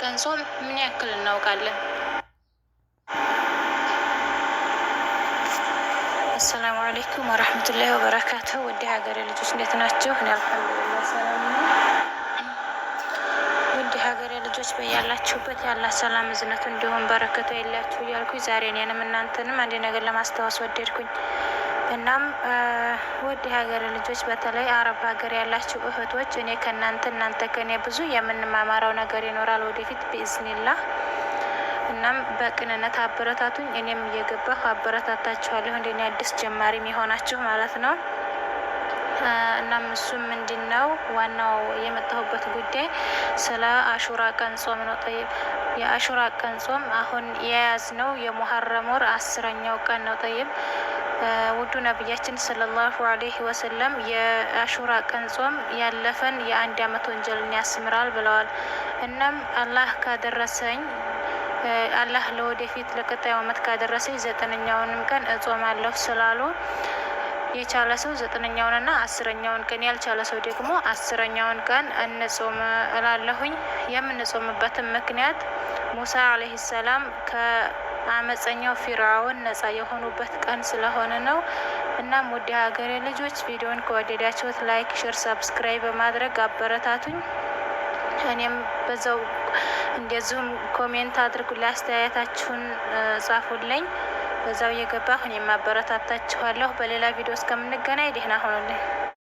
ቀን ጾም ምን ያክል እናውቃለን? አሰላሙ አለይኩም ወራህመቱላሂ ወበረካቱ። ወደ ሀገሬ ልጆች እንዴት ናቸው? አልሐምዱሊላህ ሰላም ነው። ወደ ሀገሬ ልጆች በያላችሁበት ያለ ሰላም እዝነቱ እንዲሁም በረከቱ የላችሁ እያልኩኝ ዛሬ እኔንም እናንተንም አንድ ነገር ለማስታወስ ወደድኩኝ። እናም ውድ የሀገር ልጆች በተለይ አረብ ሀገር ያላችሁ እህቶች እኔ ከእናንተ እናንተ ከኔ ብዙ የምንማማረው ነገር ይኖራል ወደፊት ብኢዝኒላ። እናም በቅንነት አበረታቱኝ፣ እኔም እየገባሁ አበረታታችኋለሁ። እንደኔ አዲስ ጀማሪም የሆናችሁ ማለት ነው። እናም እሱም ምንድን ነው ዋናው የመጣሁበት ጉዳይ ስለ አሹራ ቀን ጾም ነው። ጠይብ የአሹራ ቀን ጾም አሁን የያዝ ነው የሙሀረም ወር አስረኛው ቀን ነው። ጠይብ ውዱ ነቢያችን ሰለላሁ አለይሂ ወሰለም የአሹራ ቀን ጾም ያለፈን የአንድ አመት ወንጀልን ያስምራል ብለዋል። እናም አላህ ካደረሰኝ አላህ ለወደፊት ለቀጣዩ አመት ካደረሰኝ ዘጠነኛውንም ቀን አለሁ ስላሉ የቻለ ሰው ዘጠነኛውንና አስረኛውን ቀን ያልቻለ ሰው ደግሞ አስረኛውን ቀን እንጾም እላለሁኝ። የምንጾምበትም ምክንያት ሙሳ አለይሂ ሰላም ከ አመፀኛው ፊራውን ነጻ የሆኑበት ቀን ስለሆነ ነው። እናም ውድ ሀገሬ ልጆች ቪዲዮን ከወደዳችሁት ላይክ፣ ሽር፣ ሰብስክራይብ በማድረግ አበረታቱኝ። እኔም በዛው እንደዚሁም ኮሜንት አድርጉ፣ አስተያየታችሁን ጻፉልኝ። በዛው እየገባሁ እኔም አበረታታችኋለሁ። በሌላ ቪዲዮ እስከምንገናኝ ደህና ሆኑልኝ።